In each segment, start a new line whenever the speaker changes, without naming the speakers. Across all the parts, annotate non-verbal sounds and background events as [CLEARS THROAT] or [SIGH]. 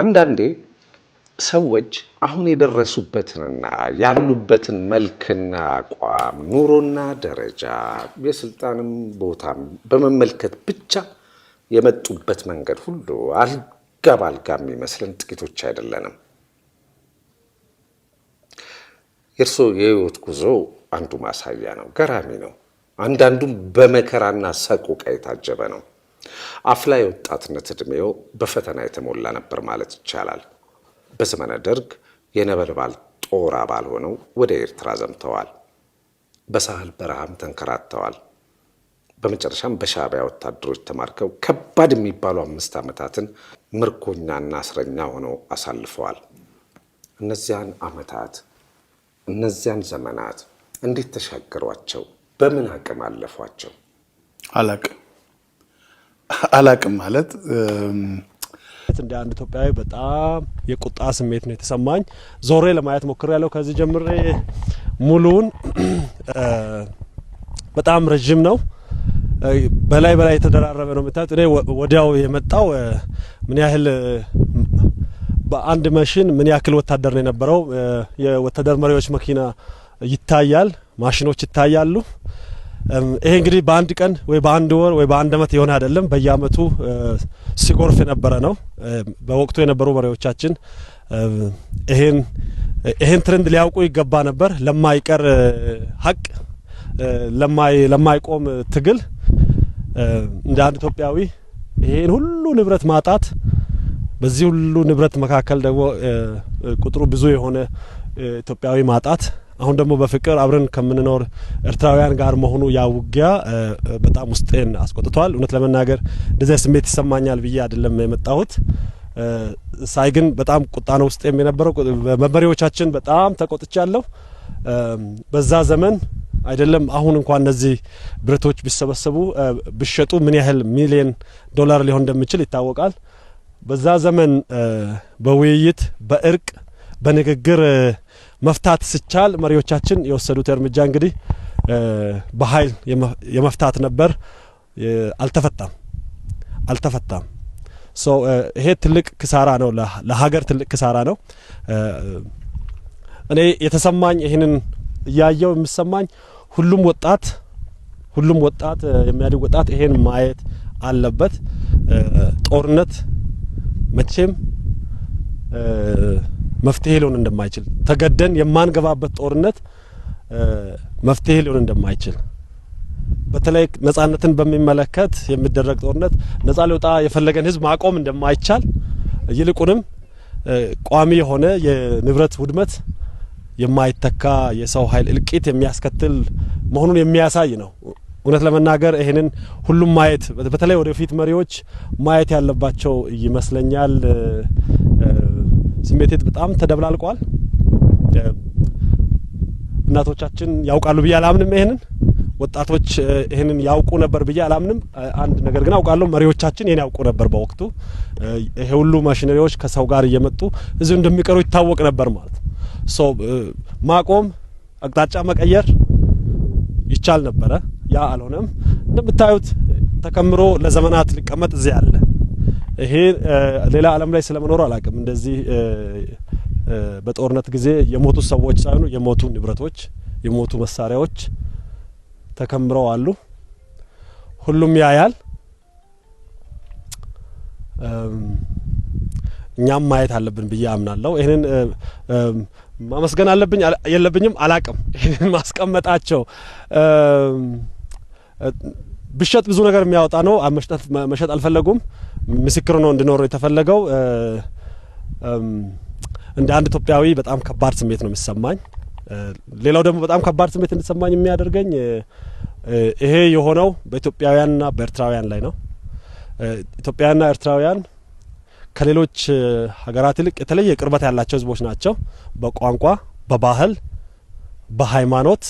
አንዳንዴ ሰዎች አሁን የደረሱበትንና ያሉበትን መልክና አቋም፣ ኑሮና ደረጃ፣ የስልጣንም ቦታም በመመልከት ብቻ የመጡበት መንገድ ሁሉ አልጋ ባልጋ የሚመስለን ጥቂቶች አይደለንም። የእርስዎ የህይወት ጉዞ አንዱ ማሳያ ነው። ገራሚ ነው። አንዳንዱም በመከራና ሰቆቃ የታጀበ ነው። አፍላ የወጣትነት እድሜው በፈተና የተሞላ ነበር ማለት ይቻላል። በዘመነ ደርግ የነበልባል ጦር አባል ሆነው ወደ ኤርትራ ዘምተዋል። በሳህል በረሃም ተንከራተዋል። በመጨረሻም በሻዕቢያ ወታደሮች ተማርከው ከባድ የሚባሉ አምስት ዓመታትን ምርኮኛና እስረኛ ሆነው አሳልፈዋል። እነዚያን ዓመታት እነዚያን ዘመናት እንዴት ተሻገሯቸው? በምን አቅም አለፏቸው?
አላቅም አላቅም ማለት
እንደ አንድ ኢትዮጵያዊ በጣም የቁጣ ስሜት ነው የተሰማኝ። ዞሬ ለማየት ሞክር ያለው ከዚህ ጀምሬ ሙሉውን [CLEARS THROAT] በጣም ረዥም ነው። በላይ በላይ የተደራረበ ነው የምታዩት። እኔ ወዲያው የመጣው ምን ያህል በአንድ መሽን ምን ያክል ወታደር ነው የነበረው። የወታደር መሪዎች መኪና ይታያል፣ ማሽኖች ይታያሉ። ይሄ እንግዲህ በአንድ ቀን ወይ በአንድ ወር ወይ በአንድ አመት የሆነ አይደለም። በየአመቱ ሲጎርፍ የነበረ ነው። በወቅቱ የነበሩ መሪዎቻችን ይሄን ይሄን ትሬንድ ሊያውቁ ይገባ ነበር። ለማይቀር ሀቅ ለማይቆም ትግል እንደ አንድ ኢትዮጵያዊ ይሄን ሁሉ ንብረት ማጣት በዚህ ሁሉ ንብረት መካከል ደግሞ ቁጥሩ ብዙ የሆነ ኢትዮጵያዊ ማጣት አሁን ደግሞ በፍቅር አብረን ከምንኖር ኤርትራውያን ጋር መሆኑ ያ ውጊያ በጣም ውስጤን አስቆጥቷል። እውነት ለመናገር እንደዚያ ስሜት ይሰማኛል ብዬ አይደለም የመጣሁት ሳይ ግን በጣም ቁጣ ነው ውስጤም የነበረው። መመሪዎቻችን በጣም ተቆጥቻለሁ። በዛ ዘመን አይደለም አሁን እንኳን እነዚህ ብረቶች ቢሰበሰቡ ቢሸጡ ምን ያህል ሚሊየን ዶላር ሊሆን እንደሚችል ይታወቃል። በዛ ዘመን በውይይት በእርቅ በንግግር መፍታት ሲቻል መሪዎቻችን የወሰዱት እርምጃ እንግዲህ በኃይል የመፍታት ነበር። አልተፈታም አልተፈታም። ይሄ ትልቅ ክሳራ ነው፣ ለሀገር ትልቅ ክሳራ ነው። እኔ የተሰማኝ ይህንን እያየው የሚሰማኝ ሁሉም ወጣት ሁሉም ወጣት የሚያድግ ወጣት ይሄን ማየት አለበት። ጦርነት መቼም መፍትሄ ሊሆን እንደማይችል ተገደን የማንገባበት ጦርነት መፍትሄ ሊሆን እንደማይችል በተለይ ነጻነትን በሚመለከት የሚደረግ ጦርነት ነጻ ሊወጣ የፈለገን ህዝብ ማቆም እንደማይቻል ይልቁንም ቋሚ የሆነ የንብረት ውድመት የማይተካ የሰው ኃይል እልቂት የሚያስከትል መሆኑን የሚያሳይ ነው። እውነት ለመናገር ይህንን ሁሉም ማየት በተለይ ወደፊት መሪዎች ማየት ያለባቸው ይመስለኛል። ስሜቴት በጣም ተደብላልቋል። እናቶቻችን ያውቃሉ ብዬ አላምንም። ይህንን ወጣቶች ይህንን ያውቁ ነበር ብዬ አላምንም። አንድ ነገር ግን አውቃለሁ፣ መሪዎቻችን ይህን ያውቁ ነበር። በወቅቱ ይሄ ሁሉ ማሽነሪዎች ከሰው ጋር እየመጡ እዚሁ እንደሚቀሩ ይታወቅ ነበር ማለት ነው። ማቆም፣ አቅጣጫ መቀየር ይቻል ነበረ። ያ አልሆነም። እንደምታዩት ተከምሮ ለዘመናት ሊቀመጥ እዚያ አለ። ይሄ ሌላ ዓለም ላይ ስለመኖሩ አላውቅም። እንደዚህ በጦርነት ጊዜ የሞቱ ሰዎች ሳይሆኑ የሞቱ ንብረቶች፣ የሞቱ መሳሪያዎች ተከምረው አሉ። ሁሉም ያያል። እኛም ማየት አለብን ብዬ አምናለሁ። ይህንን ማመስገን አለብኝ የለብኝም አላቅም። ይህንን ማስቀመጣቸው ብሸጥ ብዙ ነገር የሚያወጣ ነው። መሸጥ መሸጥ አልፈለጉም። ምስክር ነው እንድኖረው የተፈለገው። እንደ አንድ ኢትዮጵያዊ በጣም ከባድ ስሜት ነው የሚሰማኝ። ሌላው ደግሞ በጣም ከባድ ስሜት እንዲሰማኝ የሚያደርገኝ ይሄ የሆነው በኢትዮጵያውያንና በኤርትራውያን ላይ ነው። ኢትዮጵያውያንና ኤርትራውያን ከሌሎች ሀገራት ይልቅ የተለየ ቅርበት ያላቸው ህዝቦች ናቸው። በቋንቋ፣ በባህል፣ በሃይማኖት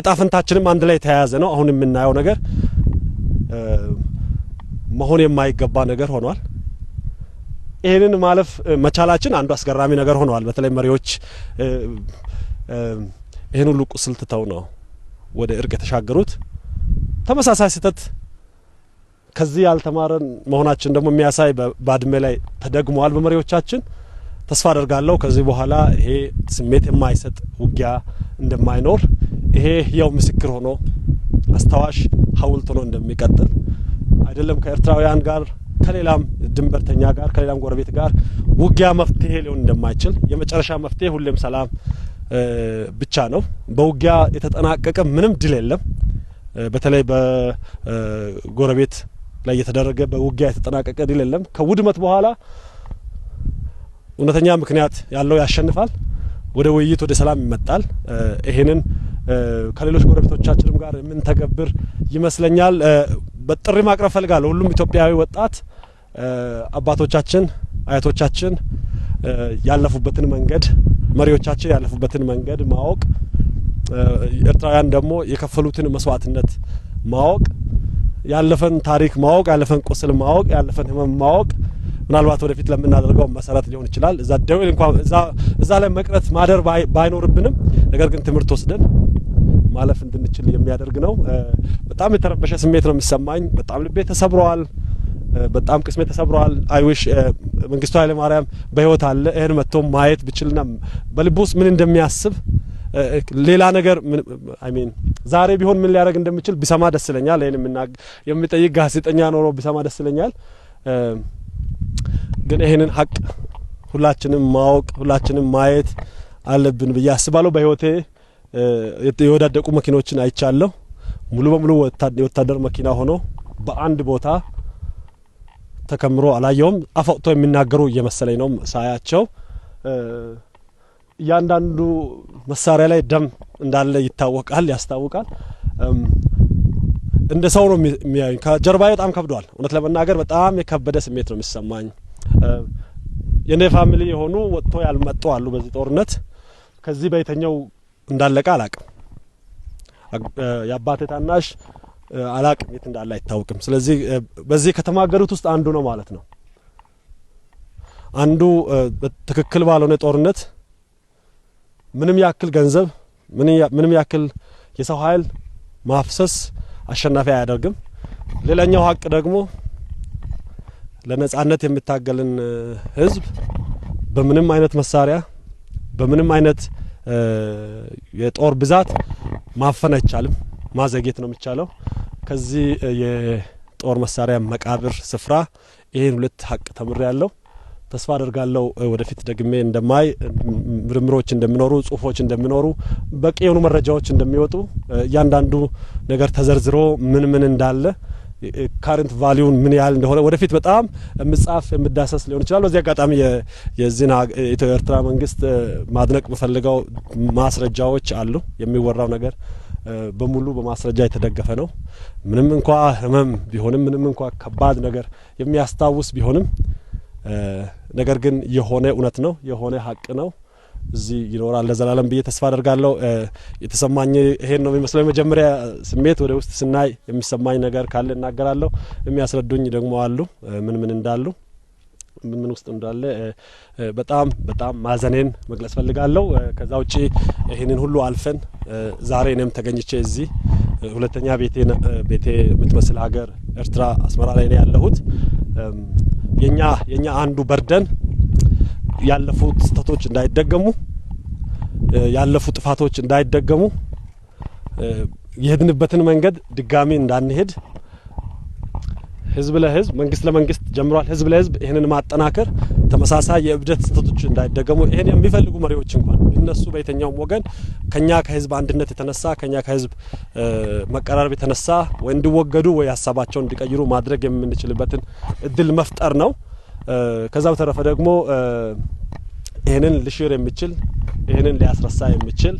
እጣፈንታችንም አንድ ላይ የተያያዘ ነው። አሁን የምናየው ነገር መሆን የማይገባ ነገር ሆኗል። ይህንን ማለፍ መቻላችን አንዱ አስገራሚ ነገር ሆኗል በተለይ መሪዎች ይህን ሁሉ ቁስል ትተው ነው ወደ እርቅ የተሻገሩት። ተመሳሳይ ስህተት ከዚህ ያልተማረን መሆናችን ደግሞ የሚያሳይ ባድመ ላይ ተደግሟል በመሪዎቻችን። ተስፋ አደርጋለሁ ከዚህ በኋላ ይሄ ስሜት የማይሰጥ ውጊያ እንደማይኖር ይሄ ያው ምስክር ሆኖ አስታዋሽ ሀውልት ሆኖ እንደሚቀጥል አይደለም ከኤርትራውያን ጋር ከሌላም ድንበርተኛ ጋር ከሌላም ጎረቤት ጋር ውጊያ መፍትሄ ሊሆን እንደማይችል የመጨረሻ መፍትሄ ሁሌም ሰላም ብቻ ነው። በውጊያ የተጠናቀቀ ምንም ድል የለም። በተለይ በጎረቤት ላይ የተደረገ በውጊያ የተጠናቀቀ ድል የለም። ከውድመት በኋላ እውነተኛ ምክንያት ያለው ያሸንፋል። ወደ ውይይት ወደ ሰላም ይመጣል። ይሄንን ከሌሎች ጎረቤቶቻችንም ጋር የምንተገብር ይመስለኛል። በጥሪ ማቅረብ ፈልጋለሁ። ሁሉም ኢትዮጵያዊ ወጣት አባቶቻችን፣ አያቶቻችን ያለፉበትን መንገድ መሪዎቻችን ያለፉበትን መንገድ ማወቅ ኤርትራውያን ደግሞ የከፈሉትን መስዋዕትነት ማወቅ ያለፈን ታሪክ ማወቅ ያለፈን ቁስል ማወቅ ያለፈን ሕመም ማወቅ ምናልባት ወደፊት ለምናደርገው መሰረት ሊሆን ይችላል። እዛ ደዌል እንኳን እዛ ላይ መቅረት ማደር ባይኖርብንም ነገር ግን ትምህርት ወስደን ማለፍ እንድንችል የሚያደርግ ነው። በጣም የተረበሸ ስሜት ነው የሚሰማኝ። በጣም ልቤ ተሰብረዋል። በጣም ቅስሜ ተሰብረዋል። አይዊሽ መንግስቱ ኃይለ ማርያም በህይወት አለ። ይህን መጥቶ ማየት ብችልና በልቡ ውስጥ ምን እንደሚያስብ ሌላ ነገር ሚን ዛሬ ቢሆን ምን ሊያደርግ እንደሚችል ቢሰማ ደስ ይለኛል። ይህን የሚጠይቅ ጋዜጠኛ ኖሮ ቢሰማ ደስ ይለኛል። ግን ይሄንን ሀቅ ሁላችንም ማወቅ ሁላችንም ማየት አለብን ብዬ አስባለሁ። በህይወቴ የወዳደቁ መኪኖችን አይቻለሁ። ሙሉ በሙሉ የወታደር መኪና ሆኖ በአንድ ቦታ ተከምሮ አላየውም። አፈውጥቶ የሚናገሩ እየመሰለኝ ነው ሳያቸው። እያንዳንዱ መሳሪያ ላይ ደም እንዳለ ይታወቃል፣ ያስታውቃል። እንደ ሰው ነው የሚያዩኝ። ከጀርባዬ በጣም ከብዷል። እውነት ለመናገር በጣም የከበደ ስሜት ነው የሚሰማኝ። የኔ ፋሚሊ የሆኑ ወጥቶ ያልመጡ አሉ። በዚህ ጦርነት ከዚህ በየተኛው እንዳለቀ አላቅም። የአባቴ ታናሽ አላቅም የት እንዳለ አይታወቅም። ስለዚህ በዚህ ከተማገዱት ውስጥ አንዱ ነው ማለት ነው። አንዱ ትክክል ባልሆነ ጦርነት ምንም ያክል ገንዘብ ምንም ያክል የሰው ኃይል ማፍሰስ አሸናፊ አያደርግም። ሌላኛው ሀቅ ደግሞ ለነጻነት የሚታገልን ህዝብ በምንም አይነት መሳሪያ በምንም አይነት የጦር ብዛት ማፈን አይቻልም፣ ማዘጌት ነው የሚቻለው። ከዚህ የጦር መሳሪያ መቃብር ስፍራ ይህን ሁለት ሀቅ ተምሬ ያለው ተስፋ አደርጋለሁ ወደፊት ደግሜ እንደማይ ምርምሮች እንደሚኖሩ ጽሁፎች እንደሚኖሩ በቂ የሆኑ መረጃዎች እንደሚወጡ እያንዳንዱ ነገር ተዘርዝሮ ምን ምን እንዳለ ካረንት ቫሊዩን ምን ያህል እንደሆነ ወደፊት በጣም የምጻፍ የምዳሰስ ሊሆን ይችላል። በዚህ አጋጣሚ የዚህን የኤርትራ መንግስት ማድነቅ የምፈልገው ማስረጃዎች አሉ። የሚወራው ነገር በሙሉ በማስረጃ የተደገፈ ነው። ምንም እንኳ ህመም ቢሆንም፣ ምንም እንኳ ከባድ ነገር የሚያስታውስ ቢሆንም ነገር ግን የሆነ እውነት ነው፣ የሆነ ሀቅ ነው። እዚህ ይኖራል ለዘላለም ብዬ ተስፋ አደርጋለሁ። የተሰማኝ ይሄን ነው የሚመስለው። የመጀመሪያ ስሜት ወደ ውስጥ ስናይ የሚሰማኝ ነገር ካለ እናገራለሁ። የሚያስረዱኝ ደግሞ አሉ ምን ምን እንዳሉ ምን ምን ውስጥ እንዳለ በጣም በጣም ማዘኔን መግለጽ ፈልጋለሁ። ከዛ ውጪ ይህንን ሁሉ አልፈን ዛሬ እኔም ተገኝቼ እዚህ ሁለተኛ ቤቴ ቤቴ የምትመስል ሀገር ኤርትራ አስመራ ላይ ነው ያለሁት። የኛ የኛ አንዱ በርደን ያለፉ ስህተቶች እንዳይደገሙ፣ ያለፉ ጥፋቶች እንዳይደገሙ፣ የሄድንበትን መንገድ ድጋሚ እንዳንሄድ ህዝብ ለህዝብ መንግስት ለመንግስት ጀምሯል። ህዝብ ለህዝብ ይህንን ማጠናከር ተመሳሳይ የእብደት ስህተቶች እንዳይደገሙ ይህን የሚፈልጉ መሪዎች እንኳን እነሱ በየትኛውም ወገን ከኛ ከህዝብ አንድነት የተነሳ ከኛ ከህዝብ መቀራረብ የተነሳ ወይ እንዲወገዱ ወይ ሀሳባቸውን እንዲቀይሩ ማድረግ የምንችልበትን እድል መፍጠር ነው። ከዛ በተረፈ ደግሞ ይህንን ልሽር የሚችል ይህንን ሊያስረሳ የሚችል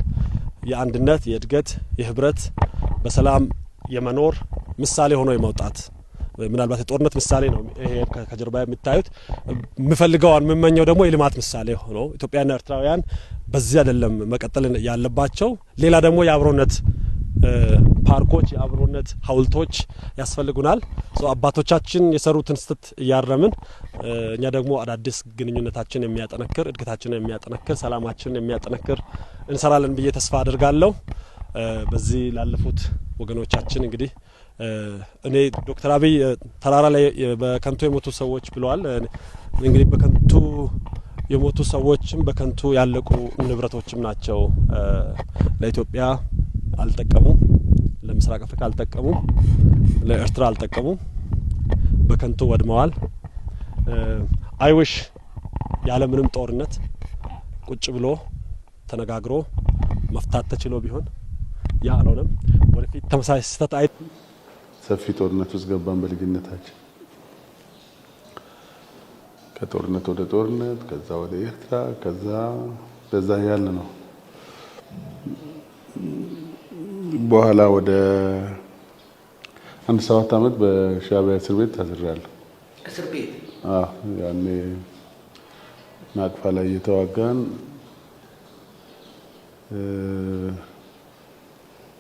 የአንድነት፣ የእድገት፣ የህብረት በሰላም የመኖር ምሳሌ ሆኖ የመውጣት ምናልባት የጦርነት ምሳሌ ነው ይሄ ከጀርባ የሚታዩት። የምፈልገዋን የምመኘው ደግሞ የልማት ምሳሌ ሆኖ ኢትዮጵያና ኤርትራውያን በዚህ አይደለም መቀጠል ያለባቸው ሌላ ደግሞ የአብሮነት ፓርኮች፣ የአብሮነት ሀውልቶች ያስፈልጉናል። አባቶቻችን የሰሩትን ስህተት እያረምን እኛ ደግሞ አዳዲስ ግንኙነታችን የሚያጠነክር እድገታችንን የሚያጠነክር ሰላማችንን የሚያጠነክር እንሰራለን ብዬ ተስፋ አድርጋለሁ። በዚህ ላለፉት ወገኖቻችን እንግዲህ እኔ ዶክተር አብይ ተራራ ላይ በከንቱ የሞቱ ሰዎች ብለዋል። እንግዲህ በከንቱ የሞቱ ሰዎችም በከንቱ ያለቁ ንብረቶችም ናቸው ለኢትዮጵያ አልጠቀሙም። ለምስራቅ አፍሪካ አልጠቀሙም። ለኤርትራ አልጠቀሙም። በከንቱ ወድመዋል። አይውሽ ያለምንም ጦርነት ቁጭ ብሎ ተነጋግሮ መፍታት ተችሎ ቢሆን ያ አልሆነም። ወደፊት ተመሳሳይ ስህተት አይ
ሰፊ ጦርነት ውስጥ ገባን በልጅነታችን ከጦርነት ወደ ጦርነት ከዛ ወደ ኤርትራ ከዛ በዛ ያለ ነው። በኋላ ወደ አንድ ሰባት ዓመት በሻቢያ እስር ቤት ታስሬያለሁ። እስር ያኔ ናቅፋ ላይ እየተዋጋን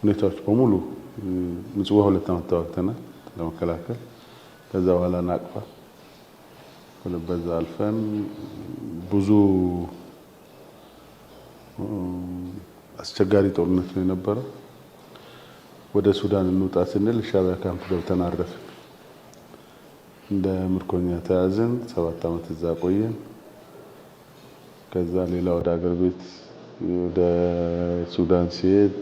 ሁኔታዎች በሙሉ ምጽዋ ሁለት ዓመት ተዋግተናል ለመከላከል። ከዛ በኋላ ናቅፋ በዛ አልፈን ብዙ አስቸጋሪ ጦርነት ነው የነበረው። ወደ ሱዳን እንውጣ ስንል ሻቢያ ካምፕ ገብተን አረፍን። እንደ ምርኮኛ ተያዝን። ሰባት ዓመት እዛ ቆየን። ከዛ ሌላ ወደ አገር ቤት ወደ ሱዳን ሲሄድ